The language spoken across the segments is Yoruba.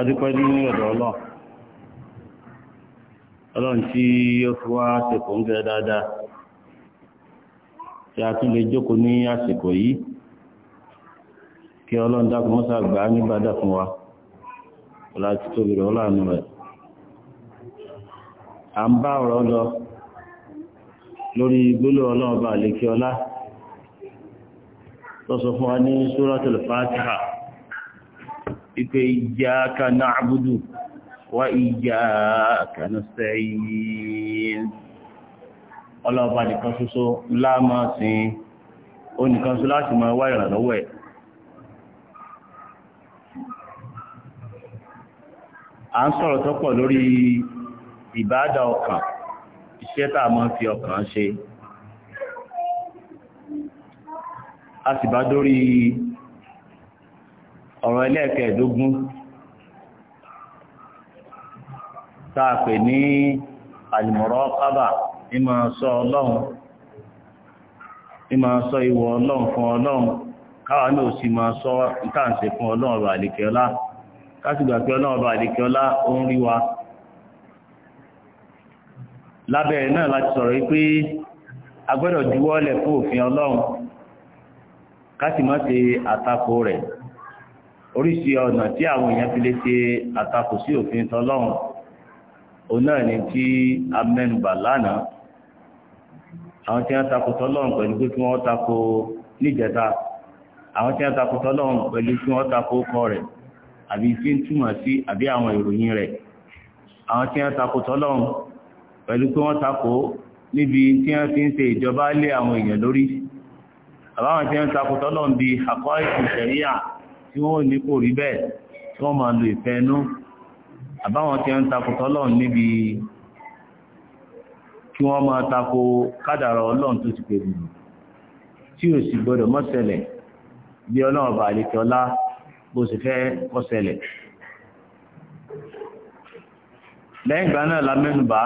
adúpẹ́ ní ọ̀dọ̀ ọlọ́ ọlọ́run tí ó fi wá ṣèpò ń dáadáa tí a tún lè ní àsìkò yìí kí ọlọ́run dákun fún wa ọlá ti tóbi rẹ̀ ọlọ́run rẹ̀ à ń bá ọ̀rọ̀ lọ lórí gbólú ọlọ́run lè kí ọlá fún ìpé iyyaka na'budu wa iyyaka nasta'in ọlọ́ọ̀bá nìkan ṣoṣo láàmà sí ó nìkan ṣoṣo láti máa wá ìrànlọ́wọ́ ẹ̀ a ń sọ̀rọ̀ tó pọ̀ lórí ìbáadà ọkàn iṣẹ́ tá máa fi ọkàn ṣe a sì bá dórí ọ̀rọ̀ ẹlẹ́ẹ̀kẹ́ẹ̀dógún tá taa pè ní al-muraqaba ìmọ̀ sọ ọlọ́run ìmọ̀ sọ ọlọ́run fún ọlọ́run sọ ìtàǹsẹ̀ fún ọlọ́run ọba kásìgbà pé ọlọ́run ọba àlèkẹ́ọ́lá ó ń rí wa náà láti sọ̀rọ̀ a gbọ́dọ̀ juwọ́lẹ̀ fún òfin ọlọ́run ká sì oríṣi ọ̀nà tí àwọn èèyàn fi lè ṣe àtakò sí òfin tọlọ́run òun náà ni tí a mẹ́nubà lánàá àwọn tí wọ́n takò tọlọ́run pẹ̀lú pé kí wọ́n takò níjẹta àwọn tí wọ́n takò tọlọ́run pẹ̀lú kí wọ́n takò kọ rẹ̀ àbí tí ń túmọ̀ sí àbí àwọn ìròyìn rẹ̀ àwọn tí wọ́n takò tọlọ́run pẹ̀lú pé wọ́n takò níbi tí wọ́n fi ń ṣe ìjọba lé àwọn èèyàn lórí àbáwọn tí wọ́n takò tọlọ́run bíi àkọ́ ìṣẹ̀ríyà tí wọ́n ní kò rí bẹ́ẹ̀ tí wọ́n máa lo ìfẹ́ inú àbáwọn tí ń takò tọ́lọ́run níbi kí wọ́n máa takò kádàrà ọlọ́run tó ti pèrè nù tí ò sì gbọ́dọ̀ mọ́sẹ̀lẹ̀ bí ọlọ́run bá àlekẹ́ ọlá bó sì fẹ́ kọ́sẹ̀lẹ̀ lẹ́yìn ìgbà náà la mẹ́nubà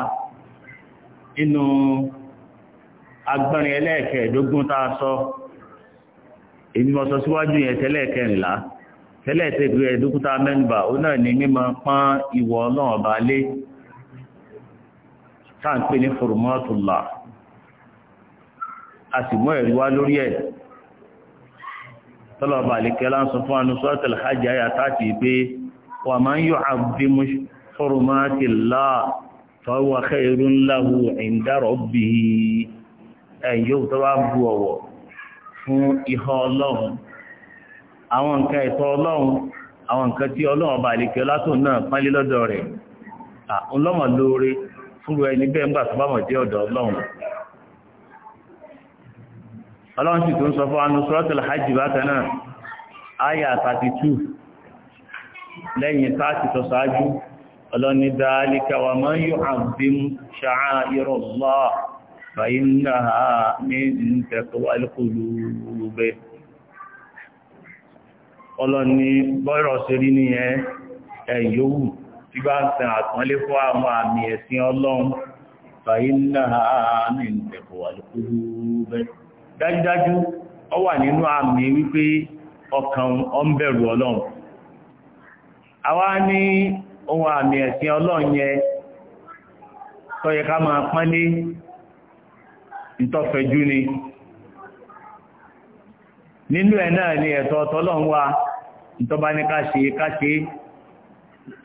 inú agbọ́nrin ẹlẹ́ẹ̀kẹ́ẹ̀dógún tá a sọ èmi mọ̀ sọ síwájú yẹn tẹ́lẹ̀kẹ́rìnlá tẹ́lẹ̀ tẹ́ pé ẹ̀dókúta mẹ́nubà ó náà ní mímọ pán ìwọ ọlọ́run ọba lé tá ń pè ní fòròmọ́tòlá a sì mọ́ ẹ̀rí wá lórí ẹ̀ tọ́lọ̀bà àlekẹ́lá ń sọ fún anúsọ́tẹ̀lẹ̀ hajj ayà pé wà máa ń yọ àbímú fòròmọ́tòlá àwọn nǹkan ẹ̀tọ́ ọlọ́run àwọn nǹkan tí ọlọ́run ọba àlekẹ́ látò náà pálí lọ́dọ̀ rẹ̀ ọlọ́mọ lóore fúnru ẹni bẹ́ẹ̀ ń gbà tó bá mọ̀ dé ọ̀dọ̀ ọlọ́run ọlọ́run sì tó ń sọ fún anu suratul hajj bákan náà ọlọ́ni bọ́rọ̀ ṣe rí ẹ ẹ̀yọ́wù tí bá ń sẹ fún àwọn àmì ẹ̀sìn ọlọ́run fàílà àmì ìtẹ̀kọ̀ àlùkúrú bẹ́ dájúdájú ọ wà nínú àmì wípé ọkàn ọmbẹ̀rù ọlọ́run nínú ẹ̀ náà ni ẹ̀tọ́ ìtọ́ba ní ká ṣe ká ṣe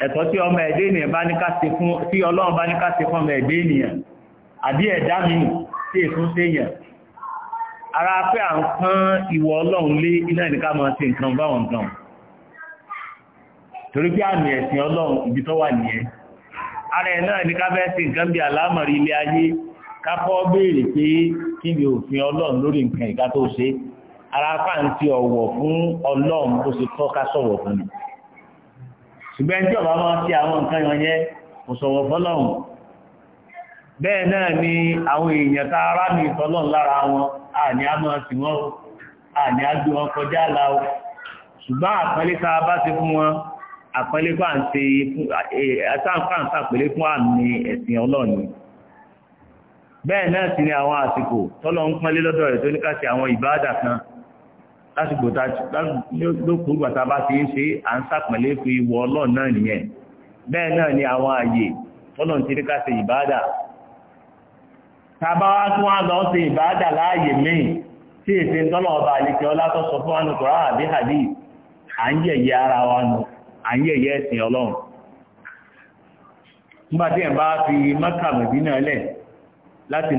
ẹ̀tọ́ tí ọmọ ẹ̀dẹ́ ènìyàn bá ní ká ṣe fún tí ọlọ́run bá ní ká ṣe fún ọmọ ẹ̀dẹ́ ènìyàn àbí ẹ̀dá mi tí èfún séèyàn ara pé à ń pán ìwọ ọlọ́run lé iná ní ká máa ṣe nǹkan báwọn nǹkan torí pé àmì ẹ̀sìn ọlọ́run ibi tó wà nìyẹn ara ẹ̀ náà ní ká fẹ́ ṣe nǹkan bí àlámọ̀rí ilé ayé ká kọ́ béèrè pé kí ni òfin ọlọ́run lórí nǹkan ìka tó ṣe é ara fáǹtì ọ̀wọ̀ fún ọlọ́run bó ṣe tọ́ ká sọ̀wọ̀ fún mi ṣùgbọ́n tí ọba máa ti àwọn nǹkan yẹn yẹn kò sọ̀wọ̀ fọlọ́run bẹ́ẹ̀ náà ni àwọn èèyàn tá ara ní ìtọ́lọ́run lára wọn àní a máa sì wọ́n àní a gbé wọn kọjá la o ṣùgbọ́n àpẹẹlẹ tá a bá ti fún wọn àpẹẹlẹ bá ń ṣe àtàǹfà e, ń sàpẹẹlẹ fún àmì ẹ̀sìn ọlọ́ọ̀ni bẹ́ẹ̀ náà sì ni àwọn àsìkò tọ́lọ́ ń pọ́nlé lọ́dọ̀ rẹ̀ tó ní ká ṣe àwọn ìbáàdà kan lásìkò tá lókùn gbàtà bá ti ń ṣe à ń sàpẹ̀lẹ́ fi ìwọ ọlọ́run náà nìyẹn bẹ́ẹ̀ náà ni àwọn àyè tọ́lọ̀ ti rí ká ṣe ìbáàdà tàbá wá tún wá lọ ṣe ìbáàdà láàyè míì tí èsì ń tọ́lọ̀ ọba àlekẹ́ ọlátọ́ sọ fún wọn kọ́ra àbí àbí à ń yẹ̀yẹ ara wa nù à ń yẹ̀yẹ ẹ̀sìn ọlọ́run nígbà tí ẹ̀ bá fi mọ́kà mẹ́bínà lẹ̀ láti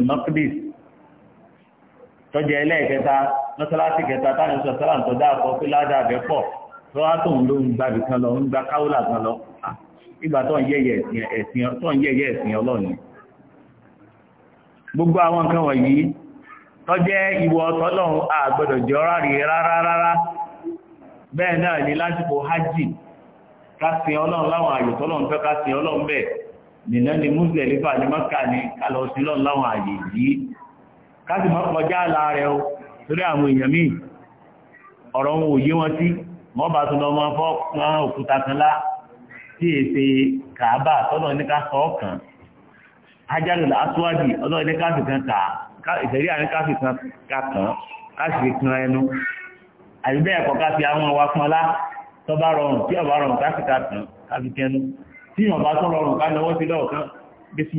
lọ sí tọ́jà ẹlẹ́ẹ̀kẹta mọ́sálásí kẹta táwọn ìṣọ̀ sálàm tó dá àkọ́ ládàá bẹ́ pọ̀ ló ń gba lọ ń gba káwọ́là kan lọ ìgbà tó ń ẹ̀sìn ọlọ́ọ̀ni gbogbo àwọn nǹkan wọ̀nyí ìwọ àgbọ̀dọ̀ jẹ́ ọ́rá rí rárá rárá bẹ́ẹ̀ náà ni hajj kásìn ọlọ́run láwọn àyè tọ́lọ́run fẹ́ kásìn ọlọ́run bẹ́ẹ̀ káàkì mọ́ kọjá láàrẹ o torí àwọn èèyàn míì ọ̀rọ̀ wọn ò yé wọn sí wọ́n bá tún lọ mọ́ fọ́ wọn òkúta kan lá tí èsè kàábà tọ́lọ̀ ní ká sọ ọ̀kan ajáde látúwádìí ọlọ́ọ̀ ní káàkì kan kà ìṣẹ̀rí àní káàkì kan kà kàn káàkì kan ẹnu àbí bẹ́ẹ̀ kọ́ káàkì àwọn wa fún ọlá tó bá rọrùn tí ọba rọrùn káàkì kà kàn káàkì kẹnu tí ọba tó rọrùn ká lọ́wọ́ sí lọ́ọ̀kan bísí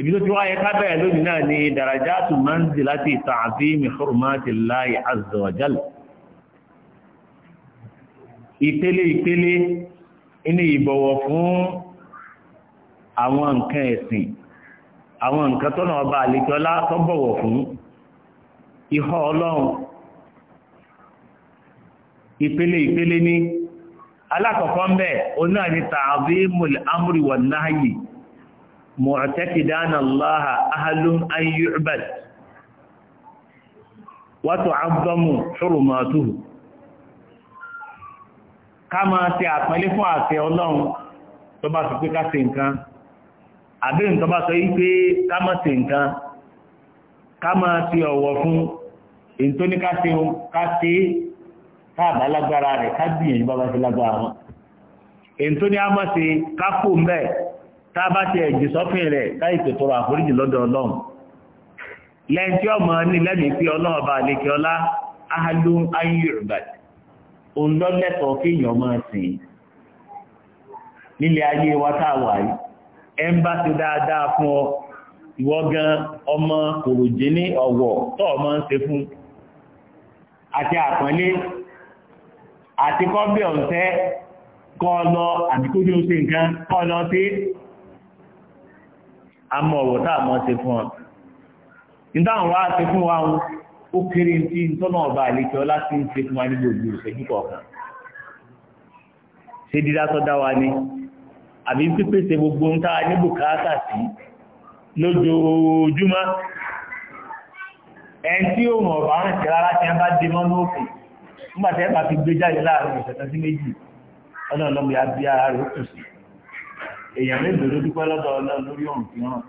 ibi tó ti wáyé kábẹ̀rẹ̀ lónìí náà ni darajatu manzilati ta'zimi hurmatillahi azza wa jalla ìpele ìpele inú ìbọ̀wọ̀ fún àwọn nǹkan ẹ̀sìn àwọn nǹkan tọ́nà ọba àlejọ́lá tó bọ̀wọ̀ fún ihọ́ ọlọ́run ìpele ìpele ní alákọ̀ọ́kọ́ ń onáà ni ta'zimul amri wan nahyi mu'tatidan Allah ahlun an yu'bad wa tu'azzamu hurumatuhu kama ti apele fun ate Olorun to ba so pe ka si nkan abi n to ba so pe ka ma se nkan ka ma ti owo fun en to ka se ka se ka ba lagbara re ka biyan baba se lagbara won en to ni a ka ko nbe tá bá ti ẹ̀jì sọ́fìn rẹ̀ káyì tó àforíjì lọ́dọ̀ ọlọ́run lẹ́yìn tí ọmọ ní lẹ́mìí pé ọlọ́run bá lè kí ọlá fún ọ ìwọ ọmọ kòròjé ní tó ń ṣe fún àti àpọ́nlé àti lọ ṣe nǹkan kọ́ lọ sí àmọ́ ọ̀wọ̀ táà mọ́ ṣe fún ọ ìdáhùn wá ṣe fún wa ń ó kéré tí ń tọ́nà ọba àlejò ọlá ti ń ṣe fún wa ní gbogbo ìṣẹ́jú kọ̀ọ̀kan ṣe dídá tó dá wa ni àbí pípèsè gbogbo ń tá a ní bùkátà sí lójoojúmọ́ ẹn tí ó mọ̀ ọ̀bà ń ṣe rárá tí wọ́n bá dé mọ́ lóòkè nígbà tẹ́ bá fi gbé jáde láàrin ìṣẹ̀tàn sí méjì ọlọ́run lọ́mọ ya bí ara rẹ̀ ó kù sí èèyàn mélòó ló dúpẹ́ lọ́dọ̀ ọlọ́run lórí ọ̀run fi hàn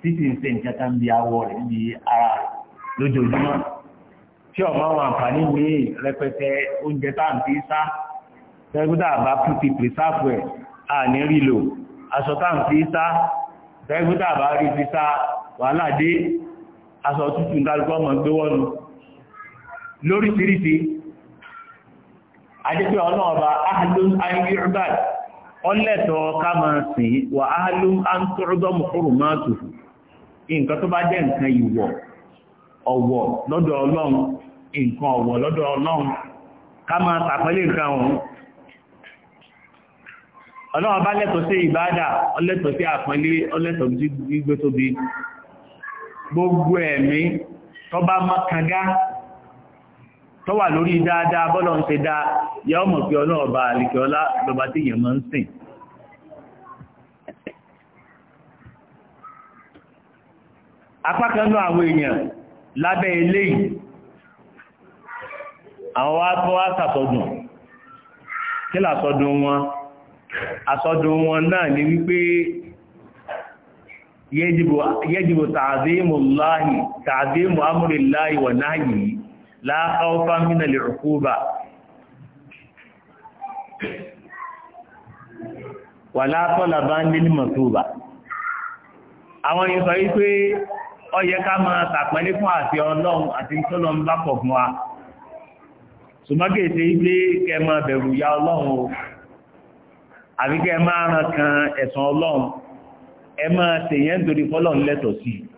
títí ń ṣe nǹkan kan bí awọ rẹ̀ bí ara rẹ̀ lójoojúmọ́ tí ọmọ àwọn àǹfààní míì rẹpẹtẹ oúnjẹ tá à ń fi sá tẹ́gbẹ́dà bá pípì pírísáàpù ẹ̀ à ní rí lò aṣọ tá à ń fi sá tẹ́gbẹ́dà bá rí fi sá wàhálà dé aṣọ tútù ń dálùkọ́ ọmọ gbé wọ́nu lóríṣiríṣi adé ọlọ́ọ̀ba áhàlú ayé ọlẹ́tọ̀ ká máa sìn wà áhálú àǹtọ́rọ́dọ́mù máa tù nǹkan tó bá jẹ́ nǹkan ìwọ̀ ọ̀wọ̀ lọ́dọ̀ ọlọ́run nǹkan ọ̀wọ̀ lọ́dọ̀ ọlọ́run ká máa tàpẹ́lẹ̀ nǹkan ọ̀hún ọlọ́run bá lẹ́tọ̀ sí ìbádà ọlẹ́tọ̀ sí ọlẹ́tọ̀ gbígbé tó wà lórí dáadáa bọ́lọ̀ ń ṣe dá yẹ ọmọ pé ọlọ́ọ̀bà àlìkẹ́ọlá lọba tí yẹn máa ń sìn apákanú àwọn èèyàn lábẹ́ eléyìí àwọn wá sàtọ̀dùn kí làsọdùn wọn àsọdùn wọn náà ni wípé yẹ́dìbò tààzímù amúrìláì wà la khawfan min al-uquba wà látọ́là bá ń lé ní mọ̀túbà àwọn ìsọ̀ yí pé ó yẹ ká máa tàpẹ́lé fún àti ọlọ́run àti ìtọ́lọ́ ń bá pọ̀ fún wa ṣùgbọ́gẹ̀ẹ́sẹ̀ ilé kẹ bẹ̀rù ya ọlọ́run o àbí máa ràn kan ẹ̀sùn ọlọ́run ẹ máa tèyẹ́ nítorí fọ́lọ́run lẹ́tọ̀ọ́ sí i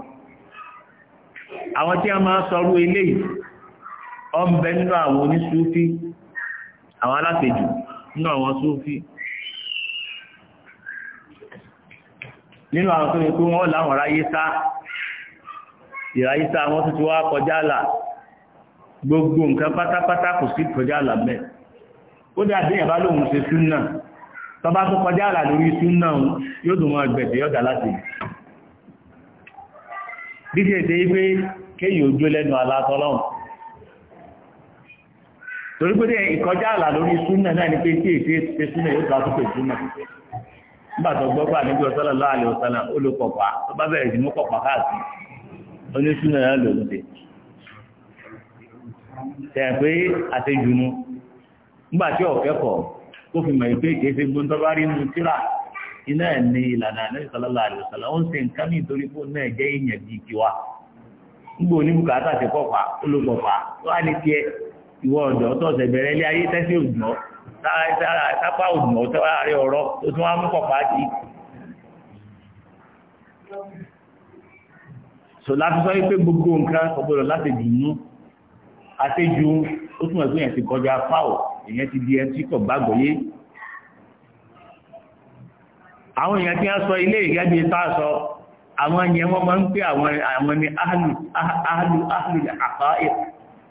àwọn tí a máa sọrú eléyìí ọmọbẹ nínú àwọn onísúfí àwọn alátejù nínú àwọn súfí nínú àwọn tó ní pé wọ́n láwọn ráyé sá ìráyé sá wọ́n tó ti wá kọjá là gbogbo nǹkan pátápátá kò sí kọjá là mẹ́ ó dà bí ẹ̀bá lóhun ṣe súnà tọba tó kọjá là lórí súnà yóò dùn wọn gbẹ̀dẹ̀ yọ̀dà láti bí ṣe dé pé kéyìn ojú lẹ́nu alátọ́lọ́hùn torí pé ìkọjá àlà lórí súnà náà ni pé tí èsì ṣe súnà yóò tó àtúkò súnà nígbà tó gbọ́ pé àníbi ọ̀sọ́lá lọ́wọ́ àlè tó bá bẹ̀rẹ̀ pọ̀pá káàkiri oní súnà náà lòún ṣe tẹ̀ pé àtẹjùnú nígbà tí kó fi mọ̀ pé gbóńtọ́ bá rí inú tíra iná ẹ̀ ní ìlànà ní gbogbo oníbùkátà ti kọ́ pa olóògbọ̀ pa wá ní tiẹ̀ ìwọ ọ̀dọ́ tọ̀sẹ̀ bẹ̀rẹ̀ ilé ayé tẹ́sí òdùnọ́ sápá òdùnọ́ sáárẹ̀ ọ̀rọ̀ tó tún wá mú pọ̀ pa sí. sọ láti sọ pé gbogbo nǹkan ọgbọ́dọ̀ láti dùnú àtẹ́jú ó túnmọ̀ pé èèyàn ti kọjá fáwọ̀ èèyàn ti di ẹtí kọ̀ gbàgbọ́ yé àwọn èèyàn tí wọ́n sọ ilé ìgẹ́gbẹ́ tá a sọ àwọn yẹn wọ́n máa ń pè àwọn àwọn ní áhàlù áhàlù áhàlù àpá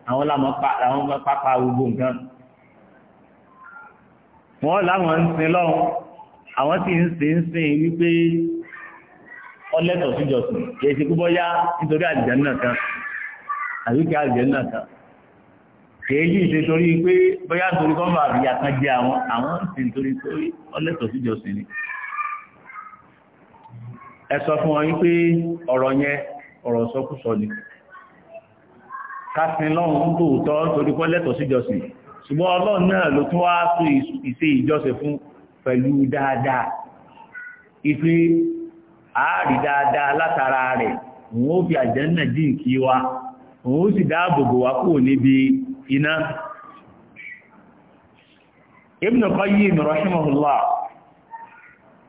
àwọn làwọn pápá gbogbo nǹkan wọ́n láwọn ń sin lọ́wọ́ àwọn tí ń sin ń sin wípé ọlẹ́tọ̀ síjọsìn kìí ṣe púpọ̀ yá nítorí àlùjánnà kan àríkẹ́ àlùjánnà kan kìí yìí ṣe torí pé bóyá torí kọ́mọ̀ àbíyà kan jẹ àwọn àwọn E sọ fún wọn wípé ọ̀rọ̀ yẹn ọ̀rọ̀ sọkúsọ ni kásin lọ́run ń tòótọ́ torí pé lẹ́tọ̀ọ́ ọlọ́run náà ló tún wá sí ìṣe ìjọsìn fún pẹ̀lú dáadáa Ìfẹ́ ààrì dáadáa látara rẹ̀ òun ó fi àjẹ́nà dín kí òun ó sì dáàbòbò wá kúrò níbi iná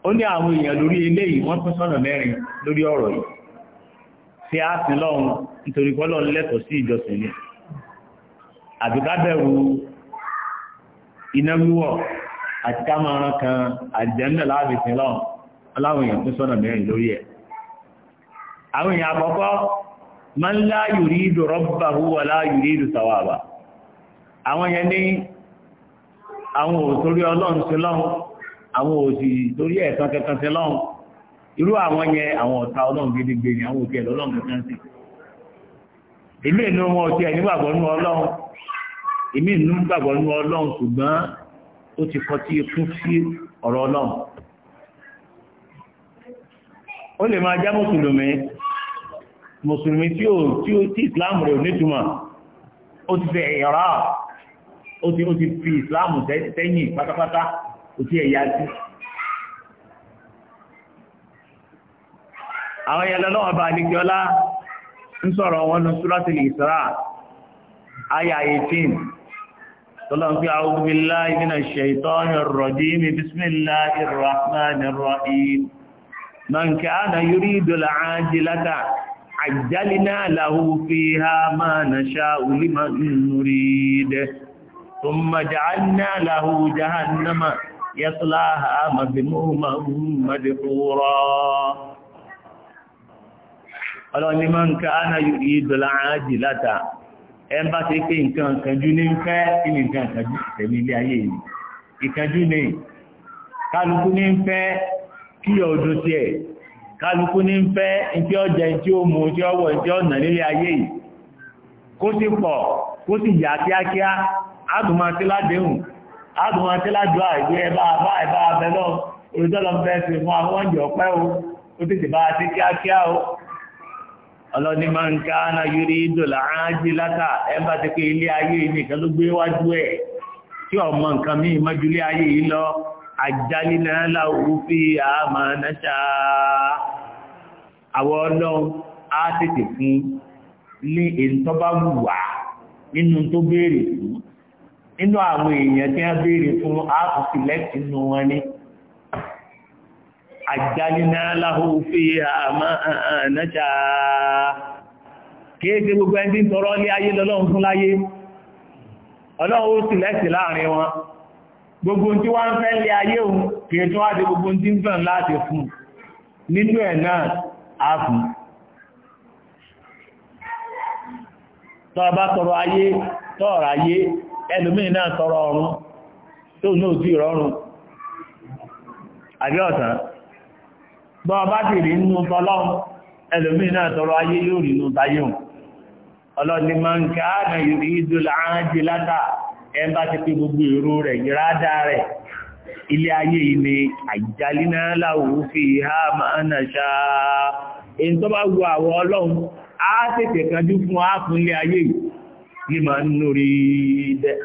ó ní àwọn èèyàn lórí eléyìí wọ́n pín sọ́nà mẹ́rin lórí ọ̀rọ̀ yìí tí a sin lọ́run nítorí pé Ọlọ́run lẹ́tọ̀ọ́ sí ìjọsìn ni àbí iná wíwọ̀ àti ká kan àjẹ́mìnà láàbì sin lọ́run aláwọn èèyàn pín sọ́nà mẹ́rin lórí ẹ̀ àwọn èèyàn àkọ́kọ́ àwọn òsì torí ẹ̀tàn kankan sí lọ́hùn irú àwọn yẹn àwọn ọ̀tá ọlọ́run gidigbe ni àwọn òkè ọlọ́run kankan sí èmi ìnú wọn ọtí ẹni gbàgbọ́ nú ọlọ́run èmi ìnú gbàgbọ́ nú ọlọ́run ṣùgbọ́n ó ti kọtí ikú sí ọ̀rọ̀ ọlọ́run ó lè máa já mùsùlùmí mùsùlùmí tí ó tí ó tí islam rẹ̀ ò nítumọ̀ ó ti fẹ́ ẹ̀rọ ó ti ó ti fi islam sẹ́yìn pátápátá kò tí ẹ̀ yá sí. àwọn yẹn lọ́wọ́ bá ní kí ọlá ń sọ̀rọ̀ wọn ní Suratul Isra àyà 18 tọ́lọ́n fi a'udhu billahi minash shaitanir rajim bismillahir rahmanir rahim man kana yuridu al-'ajilata 'ajjalna lahu fiha ma nasha'u liman nurid thumma ja'alna lahu jahannama يصلاها مذموما مدحورا ọlọ́run ni máa ń ká ánà ìdọ̀lá àájì láta ẹn ti pé nǹkan kànjú ní ń fẹ́ kí ni nǹkan kanjú tẹ̀lé ilé ayé yìí ìkànjú ni kálukú ní ń fẹ́ kí ọdún sí ẹ̀ kálukú ní ọjà ó mú nílé ayé yìí kó sì pọ̀ kó sì yà àdùnmọ̀ tí lájọ́ àìgbé ẹbá àbá ẹbá abẹ́lọ́ olùdọ́lọ́ nọ fi mú àwọn ọjọ́ pẹ́ o ó tètè bá ti kíákíá o ọlọ́ni máa ń ká náà yúrí dòlà ájí látà ti pé ilé ayé nìkan ló gbé wájú ẹ̀ tí ọmọ nǹkan mí mọ́júlé ayé yìí lọ láwùú fi àmà náṣà ọlọ́run á tètè fún ní èyí tó nínú àwọn èèyàn tí a béèrè fún áàpù sílẹ̀tì nù wọn ni àjálínà láhùfí àmà ànájà kéèké gbogbo ẹni tí ń tọrọ lé ayé lọ́lọ́run fún láyé ọlọ́run sílẹ̀tì láàrin wọn gbogbo tí wọ́n ń fẹ́ lé ayé òun kìí tí wọ́n á di gbogbo tí ń fẹ́ láti fún nínú ẹ̀ náà áàpù tọ́ọ̀rọ̀ ayé ẹlòmíì náà tọrọ ọrùn tó náà tí ìrọrùn àbí bọ́ ọba ti rí nínú tọlọ́run ẹlòmíì náà tọrọ ayé yóò rí nínú tayéhùn ọlọ́ni máa ń ká àmì ìrí ìdúlà látà ẹ bá ti pé gbogbo èrò rẹ̀ ha ma èyí tó bá gbọ́ ọlọ́run á tètè fún ilé ayé yìí límà ń núrí dẹ́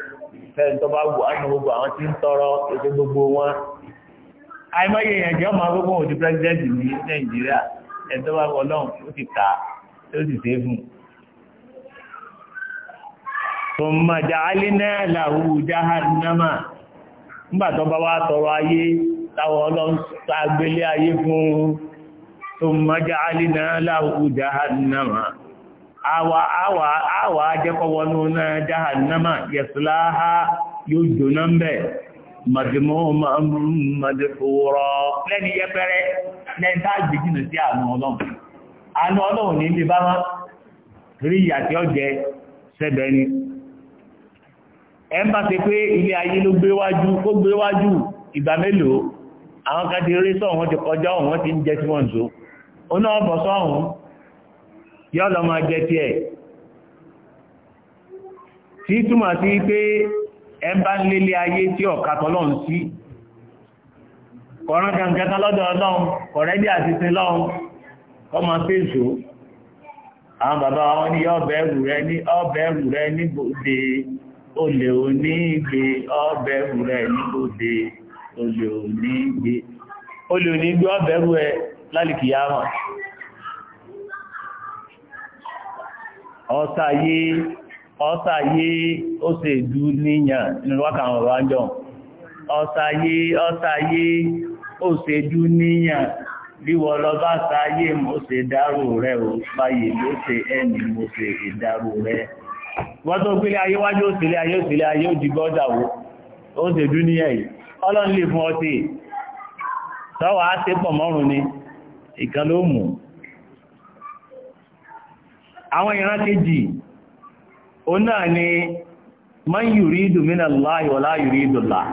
fẹ́ẹ̀ tó bá wù ánà gbogbo àwọn tí ń tọrọ ètò gbogbo wọn àìmọye èèyàn jẹ́ ọmọ agbógbó òdi president ní nàìjíríà ẹni tó bá wọ lọ́hùn ó ti tà ó sì ṣe é fún un. ثم جعلنا له جهنم nígbà tó bá wá tọrọ ayé táwọn àwà ajẹ́kọ̀wọ́nú náà jahannama yẹ̀sùláhá yóò jóná ń bẹ̀ mọ̀dẹ̀fòrọ̀ lẹ́ni yẹpẹrẹ lẹ́ni tá sí àánú ọlọ́run ní ibi rí ìyàtí ọjẹ́ sẹ́bẹ̀ ni bá ti pé ilé ayé ló gbéwájú kó gbéwájú ìgbà mélòó àwọn rí ti kọjá ọ̀hún ti ń jẹ́ tí wọ́n ń tí ọlọ́mọ jẹ tiẹ̀ tí túmọ̀ sí pé ẹ bá ń lélé ayé tí ọ̀ka tọ́lọ́run sí kọ̀ọ̀rán kankan lọ́dọ̀ ọlọ́run kọ̀rẹ́dí àti sinlọ́run kọ́ máa fèsò àwọn bàbá wọn ní ọbẹ̀ ẹrù rẹ ní ọbẹ̀ ẹrù rẹ ní gbòde olè òní gbé ọbẹ̀ ẹrù rẹ ní gbòde olè òní gbé olè òní gbé ọbẹ̀ ẹrù rẹ lálìkìyàmọ̀ ọ́sàyé ọ́sàyé ó sì dú níyàn nínú wákà àwọn ọ̀rọ̀ àjọ ọ́sàyé ọ́sàyé ó sì dú níyàn bí lọ bá sáyé mo ṣe dárò rẹ̀ ò fàyè ló ṣe ẹni mo ṣe ìdárò rẹ̀ wọ́n tó gbílé ayé wájú òsìlé ayé òsìlé ayé òjì gọ́dà wo ó ṣe dú níyàn yìí ọlọ́run lè fún ọtí sọ́wọ́ á ṣe pọ̀ mọ́rùn ni ìkan ló mú àwọn ìran kejì òun náà ni man yuridu minallahi wala yuridu Allah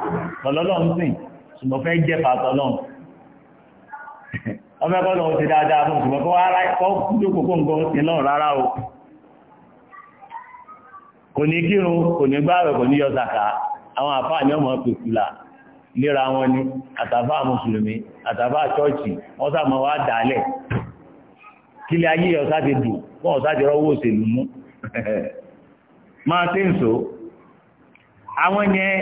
ọlọ́lọ́run sìn ṣùgbọ́n fẹ́ jẹ́ fàtọ́lọ́run ọmọ ẹgbọ́n lọ́wọ́ ti dáadáa fún ṣùgbọ́n kọ́ ara ẹ̀kọ́ jókòó kó nǹkan o kò ní kírun kò ní gbáwẹ̀ kò ní yọ sàkà àwọn àfáà ní ọmọ pèkúlà léra wọn ni àtàfáà mùsùlùmí àtàfáà ṣọ́ọ̀ṣì wọ́n sàmọ́ wá dálẹ̀ kílẹ̀ ayé ọ̀sá ti dùn fún ọ̀sá ti rọ́wọ́ òṣèlú mú máa tí ń so àwọn yẹn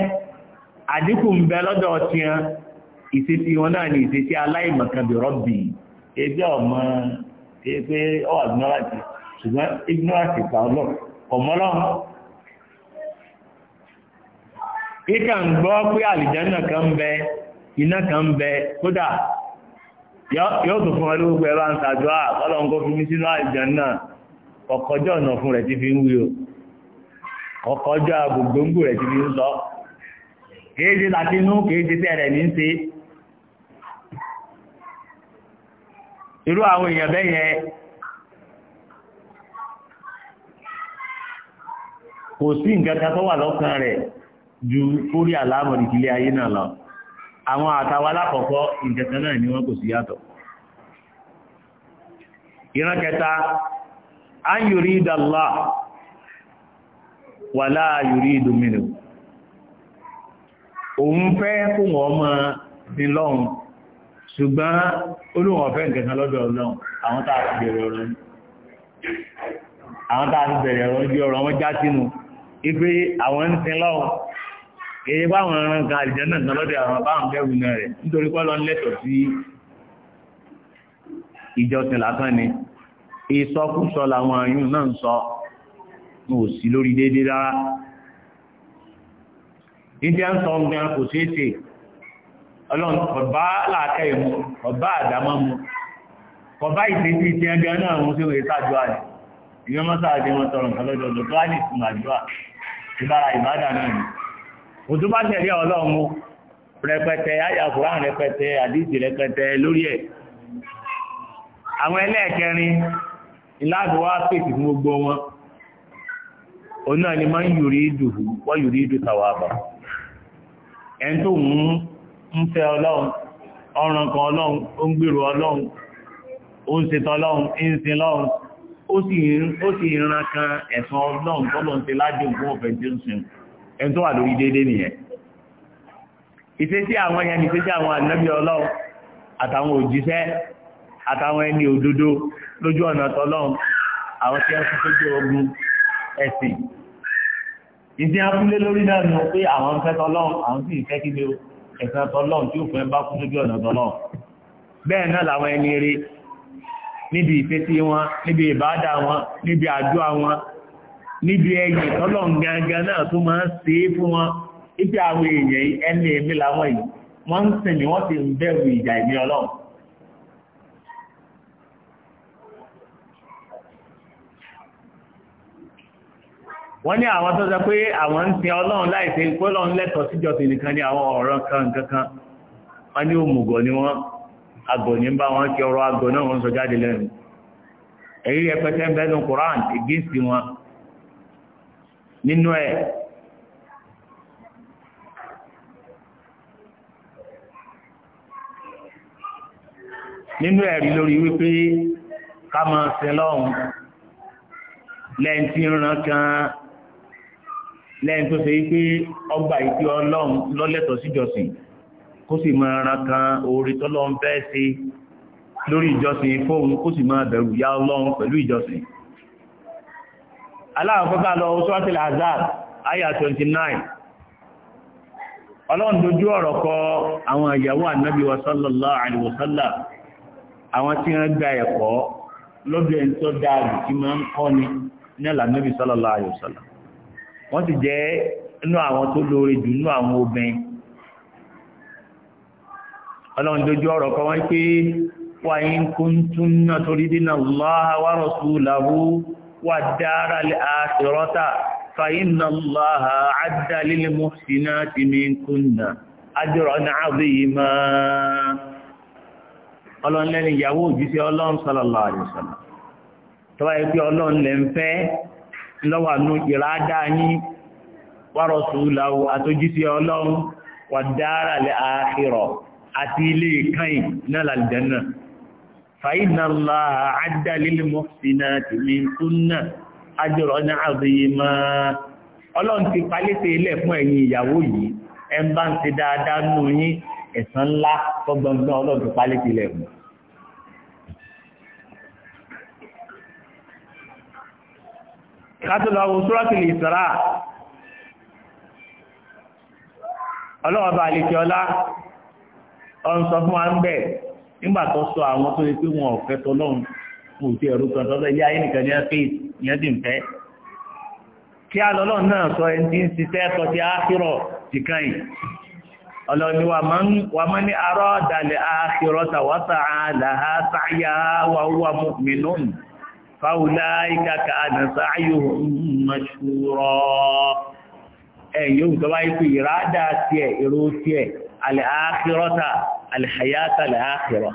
àdínkù ń bẹ lọ́dọ̀ ọtí hàn ìṣesí wọn náà ni ìṣesí aláìmọ̀kànbí rọ́bì ẹgbẹ́ ọmọ pé ọ wà ignorance ṣùgbọ́n ignorance pa ọlọ́ ọmọlọ́ kíkà ń gbọ́ pé àlìjẹ́ náà kan ń bẹ iná kan ń bẹ kódà yóò tún fún ẹlú gbogbo ẹ̀rọ àǹtàjọ́ à ọlọ́run kó fi mí sínú àìjàn náà ọkọjọ́ ọ̀nà fún rẹ̀ ti fi ń wí o ọkọjọ́ àgbògbòǹgbò rẹ̀ ti fi ń sọ kéèjé láti inú kéèjé tẹ́ rẹ̀ ní ń ṣe irú àwọn èèyàn bẹ́yẹn kò sí nǹkan kan tó wà lọ́kàn rẹ̀ ju kórí àlámọ̀dìkílé ayé náà lọ àwọn àtàwà alákọ̀ọ́kọ́ ìjẹta náà ni wọ́n kò sí yàtọ̀ ìran kẹta an yurida Allah wala yuridu minhu òun fẹ́ kó wọ́n mọ́ sí lọ́hun ṣùgbọ́n olóhùn fẹ́ nǹkan lọ́dọ̀ ọlọ́run àwọn tàà bẹ̀rẹ̀ ọ̀rọ̀ kèye báwọn ọ̀ràn kan àlìjẹ́ náà kan lọ́dẹ̀ àwọn báwọn bẹ́rù náà rẹ̀ nítorí pé lọ lẹ́tọ̀ sí ìjọsìn lásán ni ìsọkúsọ làwọn àyùn náà ń sọ wọn ò sí lórí déédéé rárá ìdí ń sọ ọgbìn kò ṣeé ṣe ọlọ́run ọba làákẹ́ ìmú ọba àdámọ́ mu ọba ìṣẹ́jú ìṣẹ́ ẹgbẹ́ náà mú sí òye sáàjọ́ àyè ìyọ́n mọ́sáàjẹ́ wọn tọrọ nǹkan lọ́dọọdọ ìbára ìbádà náà òtún bá tẹ̀lé ọlọ́run rẹpẹtẹ ayàkùrá rẹpẹtẹ àdíjì rẹpẹtẹ lórí ẹ̀ àwọn ẹlẹ́ẹ̀kẹrin ìlàgbọ́wà pèsè fún gbogbo wọn òun náà ni ń yùrí wọ́n yùrí ìdù tàwàbà ẹni tó ń fẹ́ ọlọ́run ọ̀ràn kan ọlọ́run ó ń gbèrò ọlọ́run ó ń setọ́ ọlọ́run ń ẹni tó wà lórí déédéé nìyẹn ìṣesí àwọn yẹn ìṣesí àwọn ànábì ọlọ́run àtàwọn òjíṣẹ́ àtàwọn ẹni òdodo lójú ọ̀nà tọlọ́run àwọn tí wọ́n fi sójú ogun ẹ̀sìn ìdí akúlé lórí náà ni pé àwọn fẹ́ tọlọ́run àwọn sì fẹ́ kí ni ẹ̀sìn tọlọ́run tí òfin bá kú sójú ọ̀nà tọlọ́run wọn níbi ìbáàdà wọn níbi àdúrà wọn níbi ẹ̀yìn tọ́lọ̀ gangan náà tó máa ń fún wọn ibi àwọn èèyàn ẹni èmi làwọn yìí wọ́n ń sìn wọ́n ti ń bẹ̀rù ìjà ìmí ọlọ́run wọ́n ní àwọn tó sọ pé àwọn ń sin ọlọ́run láìsí pé kankan wọ́n ní òmùgọ̀ ni wọ́n àgọ̀ ní bá wọn kí àgọ̀ náà nínú ẹ̀ nínú ẹ̀rí lórí wípé ká máa ṣe lọ́hùn lẹ́yìn tí ń ran kan lẹ́yìn tó ṣe wípé ọgbà ìpí ọlọ́run lọ́lẹ́tọ̀ọ́ síjọsìn kó sì máa ran kan oore tọ́lọ́run fẹ́ ṣe lórí ìjọsìn fóun kó sì máa bẹ̀rù yá ọlọ́run pẹ̀lú ìjọsìn. aláàkọ́kọ́ lọ Suratul Ahzab ayà 29 ọlọ́run dojú ọ̀rọ̀ kọ àwọn ìyàwó ànábì wa sallallahu alaihi wasallam àwọn tí wọ́n gba ẹ̀kọ́ lọ́bẹ̀ tó dáàbì tí máa ń kọ́ ni ní àlànábì sallallahu alaihi wasallam wọ́n ti jẹ́ inú àwọn tó lóore jù inú والدار الآخرة فإن الله عد للمحسنات منكن أجرا عظيما ọlọ́run lẹ́ni ìyàwó òjíṣẹ́ ọlọ́run sallallahu alaihi wasallam tó bá yẹ pé ọlọ́run lẹ́ ń fẹ́ lọ́wà ní ìrádá yín wa rasulahu àtójíṣẹ́ ọlọ́run wad dara al akhirah àti ilé ìkànnì náà lálìjẹ́ náà fàínà láà àdálílì mọ́sínà tìmí kúnnà ajọ́rọ̀ ní àbíyímá ọlọ́run ti palétẹ̀ ilẹ̀ fún ẹ̀yin ìyàwó yìí ẹ ń bá ń ṣe dáadáa nù yín ẹ̀san ńlá tọ́gbọ̀ngbọ̀n ọlọ́run ti palétẹ̀ ilẹ̀ fún kátólọ́wọ́ bá àlejò ọlá ọ̀n sọ nígbà tó sọ àwọn tó yẹ pé wọn ò fẹ́ tọ́lọ́run mo ti ẹ̀rú kan tọ́lọ́ ilé ayé nìkan ní ẹ pé ìyẹn dì ń fẹ́ kí alọ́lọ́run náà sọ ẹni tí ń ṣiṣẹ́ tọ́ ti áhírọ̀ ti kàn ọlọ́ni wà mọ́ ní arọ́ dalẹ̀ áhírọ̀ta wọ́ta àlàá sáyà wà wà mu'minun fáwùláìka kàánà sáyò mọ̀ṣúrọ̀ ẹ̀yìn yóò tọ́wá ikú ìrádà tiẹ̀ èrò tiẹ̀ alẹ́ áhírọ̀ta alhayata lahakira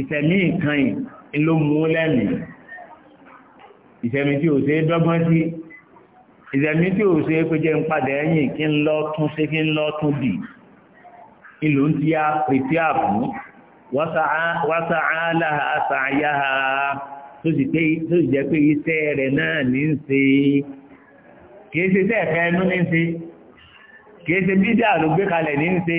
ìsẹ̀mí nǹkan yìí ló mú lẹ́mí ìsẹ̀mí tí ò ṣe é dọ́gbọ́n sí ìsẹ̀mí tí ò ṣe é pé jẹ́ ń padà ẹ̀yìn kí ń lọ tún ṣe kí ń lọ tún bì ìlú ń ti á pèsè àbú wáṣà áláha àṣàyáha tó sì jẹ́ pé iṣẹ́ rẹ̀ náà ní ń ṣe kìí ṣe iṣẹ́ ẹnu ní ń ṣe kìí ṣe bídà ló gbé kalẹ̀ ní ń ṣe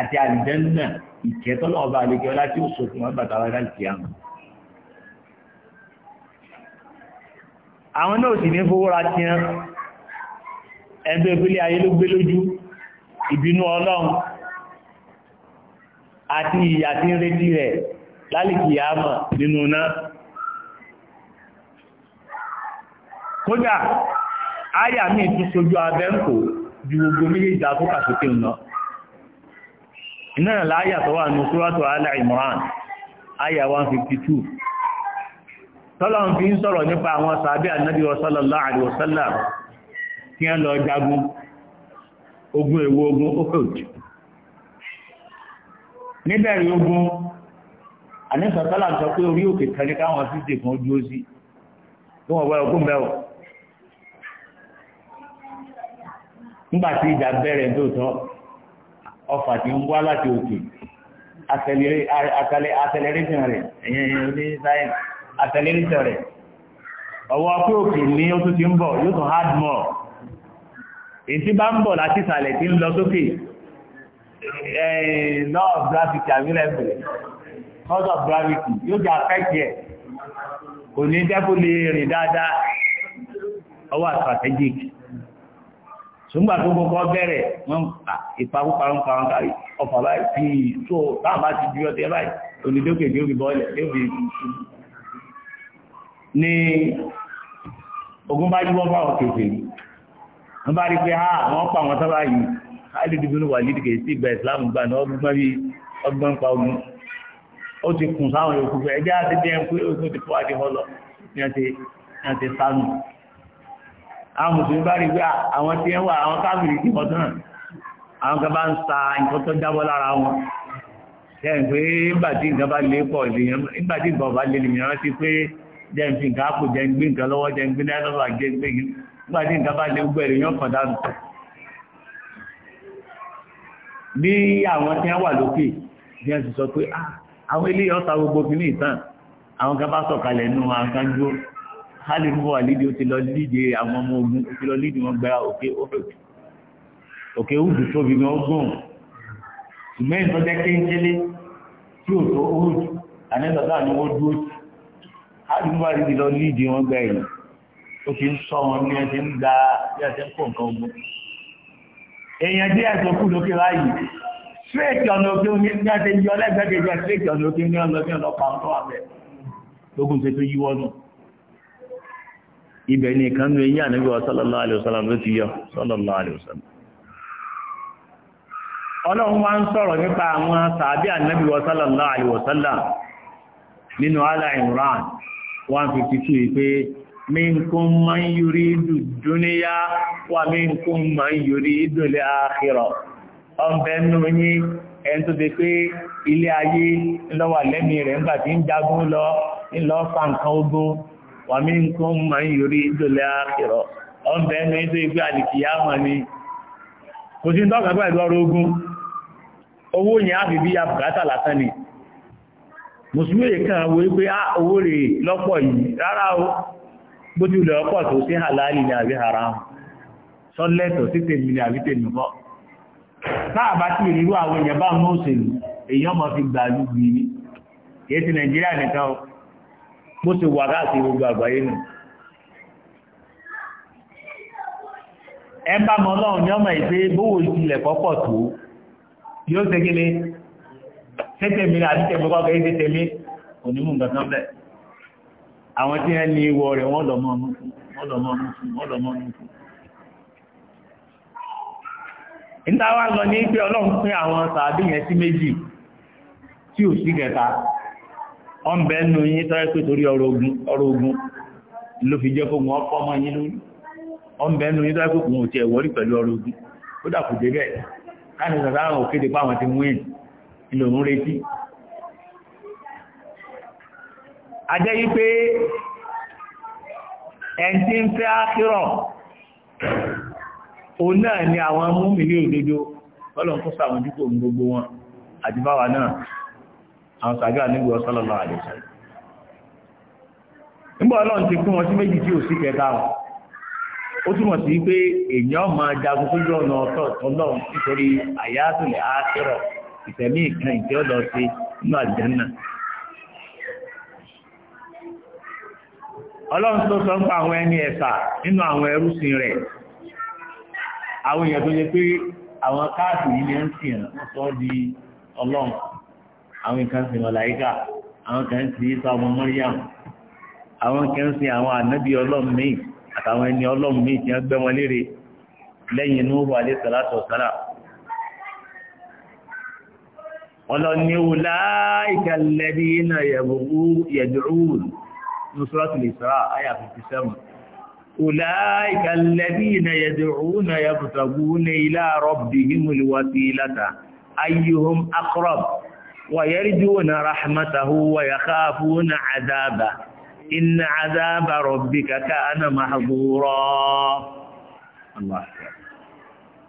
àti àlìjẹ́nà ìkẹ́ tọ́lọ́ ọba àlejò ọlá tí ó sọ fún wọn bàtà wáyé láti àmọ́. àwọn náà sì ní fowó ra ti hàn ẹgbẹ́ ìpínlẹ̀ ayé ló gbé lójú ìbínú ọlọ́run àti ìyà tí ń retí rẹ̀ lálìkì àmọ̀ nínú náà kódà áyà míì tún sojú abẹ́ǹkò ju gbogbo méjèèjì àtúkà sókè náà náà láyà tó wà ní Suratu Ala ayà 152 tọ́lọ̀ fi ń sọ̀rọ̀ nípa àwọn sàábí ànábí sallallahu alaihi kí a lọ jagun ogun èwo ogun Uhud níbẹ̀rẹ̀ ogun àníṣàtọ́lá sọ pé orí òkè tẹ́lẹ̀ ọfà tí ń wá láti òkè acceleration rẹ̀ ẹ̀yẹn ní science acceleration rẹ̀ ọwọ́ pé òkè ní ó tún ti ń bọ̀ yóò tún hard more èyí tí bá ń bọ̀ láti ìsàlẹ̀ tí ń lọ sókè law of gravity àmìlẹ́gbẹ̀rẹ̀ cause of gravity yóò jẹ́ affect yẹ kò ṣùgbà tó kọ́kọ́ bẹ̀rẹ̀ wọ́n ìpakúparun ọfà báyìí fi tó táàbá ti ju ọtẹ báyìí onídókè ní òbí bọ́ọ̀lẹ̀ ní òbí ní ogun bá yíwọ́ bá wọn kèfè yìí wọ́n bá rí pé ha ah, wọ́n pa àwọn sábà yìí Khalid bin Walid kèé sí ìgbà ìsìlámù gbà ní ọgbọ́n bí ọgbọ́n pa ogun ó ti kùn sáwọn yòókù fún ẹjẹ́ àti jẹun pé ogun ti fọ́ àti họ́ lọ ní ọ̀sẹ̀ sánú àwọn mùsùlùmí bá rí pé àwọn tí ń wà àwọn káàkiri kí wọ́n tán àwọn kan bá ń sa nǹkan tó jábọ́ lára wọn jẹ́n pé nígbàtí nǹkan bá lè pọ̀ lèyàn nígbàtí nǹkan bá lè lèyàn rántí pé jẹ́n fi nǹkan ápò jẹ́n gbé nǹkan lọ́wọ́ jẹ́n gbé náírà jẹ́ gbé nígbàtí nǹkan bá lè gbẹ̀rẹ̀ yàn kàn dánù bí àwọn tí wọ́n wà lókè jẹ́n sì hálìrú wà lídìí ó ti lọ lídìí àwọn ọmọ ogun ó ti lọ lídìí wọn gba òkè òkè òdù tóbi gan gùn ṣùgbọ́n ìtọ́jẹ́ kéńkélé tí ò tó òdù ànẹ́sọ̀tà ni wọ́n dúró tì hálìrú wà lídìí lọ lídìí wọn gba ẹ̀yìn ó ti ń sọ wọn ní ẹsẹ̀ ń gba bí ẹsẹ̀ ń pọ̀ nǹkan ogun èèyàn díẹ̀ tó kú lókè báyìí straight ọ̀nà òkè oní ní àti yọ lẹ́gbẹ̀ẹ́ kejì straight ọ̀nà òkè oní ọ̀nà òkè ọ̀nà ọ̀pá ọ̀tọ̀ àbẹ̀ lókun ṣe tó yíwọ́ náà ibẹ̀ ni ìkan ní eyín ànábì wa sallallahu alaihi wasallam ló ti yọ sallallahu alaihi wasallam ọlọ́run wá ń sọ̀rọ̀ nípa àwọn sàábí ànábì wa sallallahu alaihi wasallam nínú ala imran 152 pé minkum man yuridu dúníyá wà minkum man yuridu l-akhirah ọmọbẹ̀ nù yín ẹn tó ti pé ilé ayé lọ́wà lẹ́mìí rẹ̀ ńgbà tí ń jagun lọ ńlọ́fà nǹkan ogun wà mí nǹkan mọ̀ ń yorí ìdòlẹ̀ àkìrọ̀ ọ̀bẹ̀ ẹnu ètò ìgbé àdìkìyà mọ̀ ni kò sí tọ́ka pẹ̀lú ọrọ̀ ogun owó yẹn á fi bí ya bùkátà lásán ni mùsùlùmí kan wo pé á ah, owó rè lọ́pọ̀ yìí rárá o bó ọ̀pọ̀ tó sí àbí haram sọ́lẹ́tọ̀ sí tèmi àbí tèmi táà bá tí ìrírú àwọn èèyàn bá mú òṣèlú èèyàn mọ̀ fi gbàlú bó ṣe wà láti gbogbo àgbáyé nù ẹ bá mọ ọlọ́run ní ọmọ ìgbé bówó ìsìnlẹ̀ pọ́pọ̀ tó yóò ṣe kíni tẹ́tẹ̀ mi àti tẹ́tẹ̀ kọ́kọ́ kẹ́ tẹ́tẹ̀ mi onímù nǹkan kan bẹ́ẹ̀ àwọn tí wọ́n ní ìwọ rẹ̀ wọ́n lọ mọ́ ọmú fún wọ́n lọ mọ́ ọmú fún wọ́n lọ mọ́ ọmú fún níta wá lọ ní pé ọlọ́run pín àwọn sàábì yẹn sí méjì tí ò sí kẹta ọ́n bẹ́ nù yí tọ́rẹ́ pé torí ọrọ̀ ogun ló fi jẹ́ fóògùn ọpọ́ ọmọ yí lórí ọ́n bẹ́ nù yí tọ́rẹ́ pé kùn òtí ẹ̀wọ́rí pẹ̀lú ọrọ̀ ogun ó dàkù dé bẹ́ẹ̀ káàkiri sàtàrà òkéde páwọn ti wíìn ilẹ̀ òun retí a jẹ́ yí pé ẹn tí ń fẹ́ ákírọ̀ òun náà ni àwọn múmi ní òdodo ọlọ́run kó sàwọn dípò gbogbo wọn àti báwa náà àwọn sàbí àníbi ọ̀sọ́lọ́lọ́ àdìsọ́ nígbà ọlọ́run ti fún wọn sí méjì tí ò sí kẹta wọn ó túmọ̀ sí pé èèyàn máa jagun tó jọ ọ̀nà ọ̀tọ̀ ọlọ́run nítorí àyàtúlẹ̀ àákẹ́rọ̀ ìkan ìtẹ́ ọ̀dọ̀ sí inú ọlọ́run tó sọ ń pa àwọn ẹni nínú àwọn rẹ̀ àwọn èèyàn tó yẹ pé àwọn káàkiri ní ẹ̀ ń àwọn kan sìn màláíkà àwọn kan sìn Ìsá ọmọ Mọ́ríyàm àwọn kan sìn àwọn ànábì ọlọ́run míì àtàwọn ẹni ọlọ́run míì tí wọ́n gbẹ́ wọn léèrè lẹ́yìn Nuhu alayhi salatu wa salam ọlọ́ni ọláìkà lẹ́bí iná yẹ̀dùrún ní Suratul Isra àyà 57 ọláìkà lẹ́bí iná yẹ̀dùrún yẹ̀bùtàgún ní ilá rọ̀bì himul wasilata ayyuhum aqrab ويرجون رحمته ويخافون عذابه إن عذاب ربك كان محظورا الله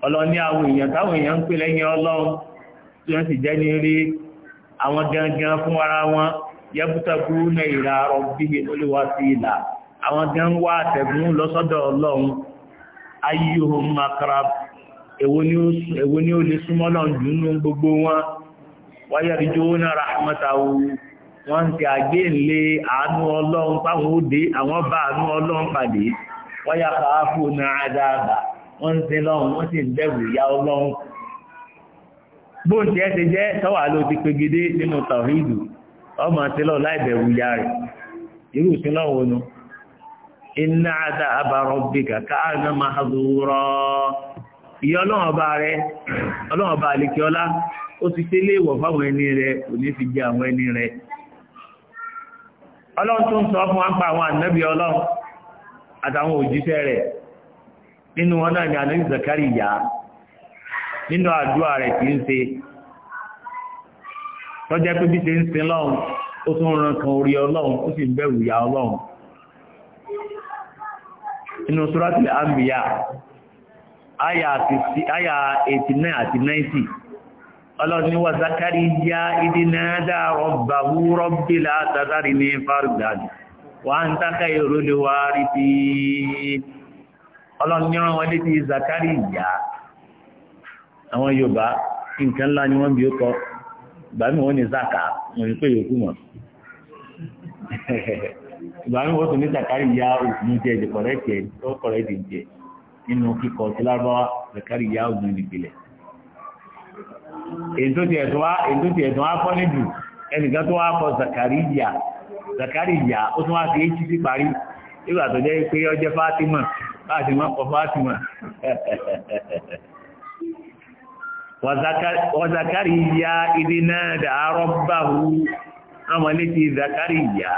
ọlọ́run ní àwọn èèyàn táwọn èèyàn ń pè lẹ́yìn ọlọ́run tí wọ́n sì jẹ́ ní rí àwọn gangan fún ara wọn yẹ́bùtẹ̀kú náà ìlà ọ̀bí olúwa sí ìlà àwọn gan wá àtẹ̀gún lọ́sọ́dọ̀ ọlọ́run ayyuhum makarab èwo ni ó lè súnmọ́ náà jù gbogbo wọn wáyẹ̀rí jó náà rahmatahu wọ́n ti àgbé ńlé àánú ọlọ́run páwọn òde àwọn bá àánú ọlọ́run pàdé wáyà káàfù náà àdáàbà wọ́n ti lọ́run wọ́n sì ń bẹ̀rù ìyá ọlọ́run ti jẹ́ tọ́wà ló ti pegedé nínú tàwíìdù ọmọ àti lọ́run láì ìyá rẹ̀ irú lọ́run iná kàkà àná máa ìyá ọlọ́run ọba rẹ̀ ó ti ṣe lé ìwọ̀ fáwọn ẹni rẹ̀ kò ní fi jẹ àwọn ẹni rẹ̀ ọlọ́run tó ń sọ fún wa àwọn ànábì ọlọ́run àtàwọn òjíṣẹ́ rẹ̀ nínú wọn náà ni ànábì Zakariya nínú àdúrà rẹ̀ kì í ṣe tọ́jẹ́ pé bí ṣe ń sin lọ́run ó tún ran kan orí ọlọ́run ó sì ń bẹ̀rù ìyá ọlọ́run inú Suratul Anbiya àyà 89 àti 90 ọlọ́ni wà Zakariya ìdínádà rabbahu rabbi la tadharni fardan wa anta khayrul warithin ọlọ́ni rán wọn létí Zakariya àwọn Yorùbá nǹkan ńlá ni wọ́n bí ó kọ́ ìgbàmí wọ́n ní zaka wọ́n ní pé yòókù mọ̀ ìgbàmí wọ́n tún ní Zakariya òkùnrin jẹ́ ìdíkọ̀rẹ́ jẹ́ tó jẹ́ nínú kíkọ́ tó lárúbáwá Zakariya òkùnrin nìpìlẹ̀ èyí tó ti ẹ̀dùn akọ́ níbi ẹnìkan tó wá kọ zakariya zakariya ó tún wá sí èyí parí tó jẹ́ pé ó jẹ́ Fatima Fatima kọ Fatima wa zakariya ibi náà dà rọ́bàhù ọmọ létí zakariya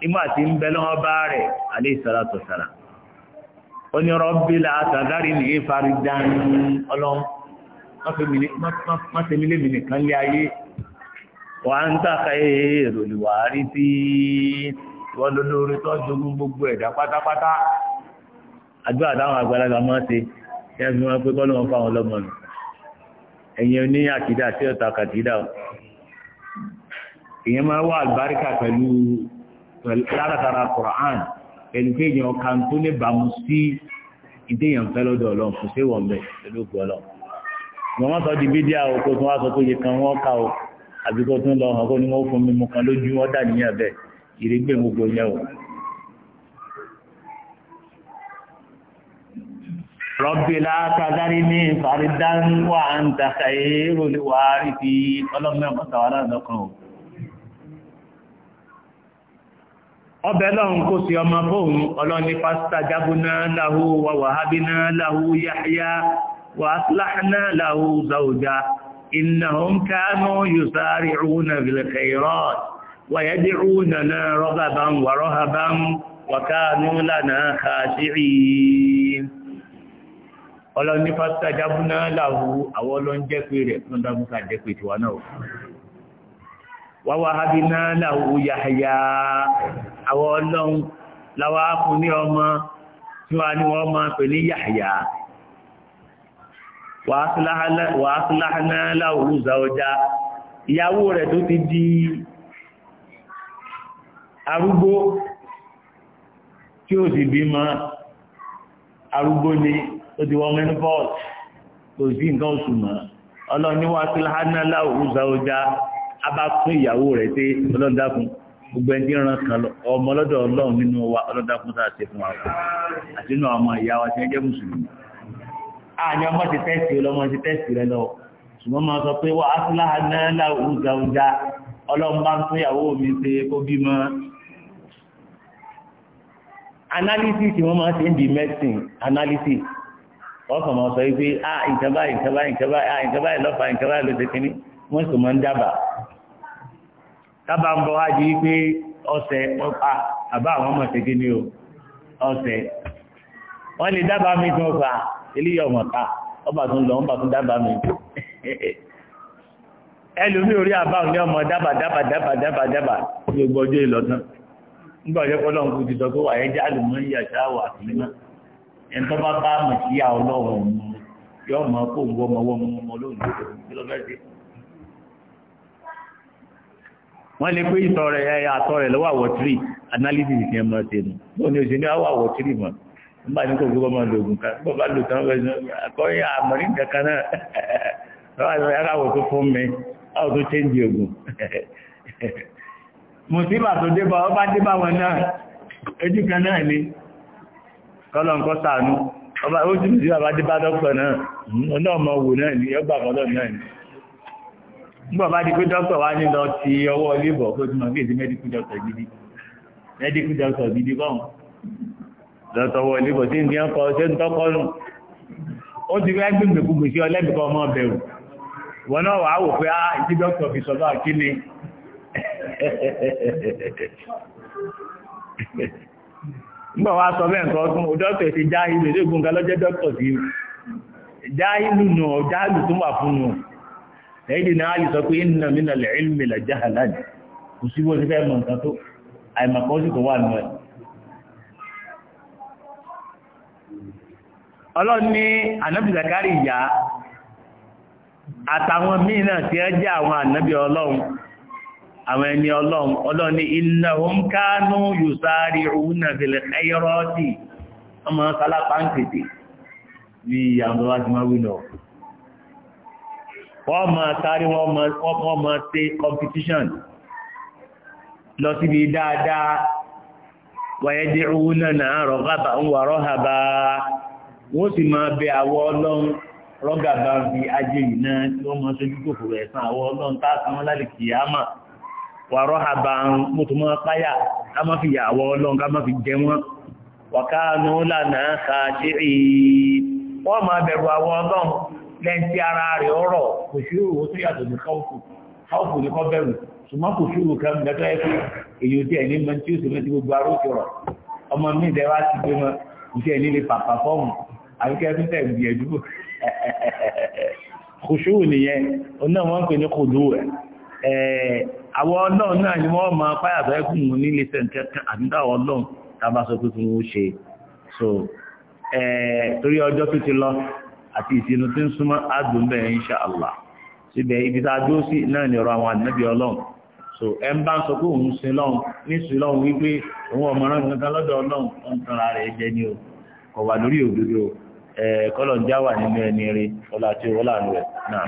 nígbà tí ń bẹ lọ́wọ́ má ṣe mí lémi nìkan lé ayé wà ń tàkà èrò ìwà rí sí wọ́n lólórí tó jogún gbogbo ẹ̀dá pátápátá àdúrà táwọn àgbàlagbà máa ṣe kí wọ́n fi máa pé kọ́ lóun fáwọn ọlọ́mọ nù ẹ̀yìn ní àkìdá tí ọ̀tà kàtìdá ọ̀ máa wá àlùbáríkà pẹ̀lú látàtàrà Qur'an pẹ̀lú pé èyàn kan tó lè bàmú sí ìdéyàn fẹ́ lọ́dọ̀ Ọlọ́run kò sí wọ̀n bẹ̀ pẹ̀lú wọ́n wọ́n sọ di bídíà o kó tún wá sọ pé iye kan wọ́n kà o àbí kó tún lọ hàn kó wọ́n fún mi mu kan lójú wọ́n dà níyàn bẹ́ẹ̀ ìrégbè gbogbo yẹn o. rọ́bì látàdárí ní fàrídán wà ń tàkà èrò lè wà rí fi ọlọ́mọ ọ̀tàwárà lọ́kàn o. ọbẹ̀ lọ́hun kó sí ọmọ fóun ọlọ́ni pásítà jábúná láhú wà wàhábíná láhú yáyá وأصلحنا له زوجا إنهم كانوا يسارعون في الخيرات ويدعوننا رغبا ورهبا وكانوا لنا خاشعين ọlọ́ni pásítà jábúná láwú àwọn ọlọ́n jẹ́ pé rẹ̀ fún dámúkà jẹ́ pé tiwa náà wáwá hábíná láwú yáyá àwọn ọlọ́n láwá fún ní ọmọ tí wá ní wọ́n máa pè ní yáyá wàásíláhánà láwùrú ìzàọjá ìyàwó rẹ̀ tó ti di arúgbó tí ó sì bímọ arúgbó ni ó ti wọ menopause kò sí nǹkan oṣù mọ́ ọlọ́ni wàásíláhánà láwùrú ìzàọjá a bá pín ìyàwó rẹ̀ tí ọlọ́dàkùn gbogbo ẹni ran kan ọmọ ọlọ́dọ̀ ọlọ́run nínú wa ọlọ́dàkùn sáà ṣe fún wa àti inú àwọn ìyá wa ti mùsùlùmí àní ah, ọmọ ti tẹ́sì lọ́mọ ti tẹ́sì rẹ lọ ṣùgbọ́n máa sọ pé wọ́n asúláhà náà láwù ọjà ọlọ́mbà tó yàwó mi ṣe kó bímọ analysis wọ́n máa ṣe ń di medicine analysis ọkàn máa sọ wípé ah ìjọba ìjọba ìjọba ah ìjọba ìlọ́fà ìjọba ìlọ́sẹ̀ kínní wọ́n sì máa ń dábàá tábà ń bọ́ wájú wípé ọ̀sẹ̀ ọ̀pá àbá àwọn ọmọ ṣe kínní o ọ̀sẹ̀ wọ́n lè dábàá mi tún ọ̀pá eléyìí ọmọ ta ọba tó ń lọ ọba tó dábàá mi ẹlòmí orí àbá òní ọmọ dábà dábà dábà dábà dábà gbogbo ọjọ́ ìlọ́tán nígbà ọjọ́ pọ́lọ́ ń kú ti sọ pé wà ẹ́ jáàlù mọ́ ìyà ṣáàwọ̀ àtìmọ́ ẹni tó bá bá mọ̀ sí ìyá ọlọ́run mu yọ ọmọ kó ń wọ́ ọmọ wọ́n mú ọmọ lóhùn kí ló fẹ́ ṣe. wọ́n nígbà tí kò gbogbo máa lògùn kan bó bá lò tán akọ́yìn àmọ́rí kankan náà lọ́wọ́ àti aláwọ̀ tó fún mi láwọ̀ tó ṣe ń di ògùn mùsùlùmí tó débà ọba débà wọn náà ojú kan náà ni kọ́lọ̀ nǹkan sànú ọba ó ti mùsùlùmí àbá débà dọ́kítọ̀ náà ọ̀nà ọmọ wò náà ni ọgbà kọ́lọ̀ náà ni nígbà bá di pé dọ́kítọ̀ wá ní lọ ti ọwọ́ ilé ìbọ̀ tó ti mọ̀ bí lọ́tọ̀wọ́ ilébò tí ní ọkọ̀ ṣe ń tọ́kọ́ nù ó ti fẹ́ gbìmọ̀ gbogbo sí ọlẹ́bìkọ́ ọmọ bẹ̀rù wọn náà wà á wò pé áá ah, ìdí dókítà fi sọ́dọ̀ kí ni nígbà wá sọ bẹ́ẹ̀ nǹkan ọdún dókítà ti já ìlú ilé ìgbóǹga lọ́jẹ́ dókítà sí já ìlú nù ọ já ìlú tó wà fún nù lẹ́yìn náà lè sọ pé inna min al-ilmi la jahalan kò sí bó ti fẹ́ mọ̀ nǹkan tó àìmọ̀kan ọlọ́run ní ànábì zakari ìyá àtàwọn míì náà tí ẹ jẹ́ àwọn ànábì ọlọ́run àwọn ẹni ọlọ́run ọlọ́run ní innahum kanu yusari'una fil khayrati ọmọ sálápá ń tètè bí àwọn wá ti máa wí náà wọ́n máa sáré wọ́n máa ṣe competition wọ́n sì máa bẹ àwọ ọlọ́run ajé yìí náà tí wọ́n máa kòkòrò ẹ̀sán àwọ ọlọ́run tá a san wọn láti kì í àmà wàrọ́ àbá mo tún máa páyà ká má fi yà fi jẹ ka ṣe é máa àwọ ọlọ́run lẹ́yìn tí ara rẹ̀ ọ̀rọ̀ kò sí òwò tó yàtọ̀ ní ní kọ́ bẹ̀rù ṣùgbọ́n kò sí òwò kan àbíkẹ́ tún tẹ̀ gbìyànjú kùṣù nìyẹn oná wọn pè ní kùdù ẹ̀ àwọn ọlọ́run náà ni wọ́n máa páyà fẹ́ fún un nílé sẹ́ńkẹ́kẹ́ àdúrà ọlọ́run tábà sọ pé fún ṣe so torí ọjọ́ tó ti lọ so ẹ ń bá ń sọ pé òun sin ní sin wípé òun ọmọ náà lọ́dọ̀ ọlọ́run ń tanra rẹ̀ wà lórí kọ́lọ̀ ń já wà nínú ẹni rí ọlá tí ó wọ́lá rẹ̀ náà.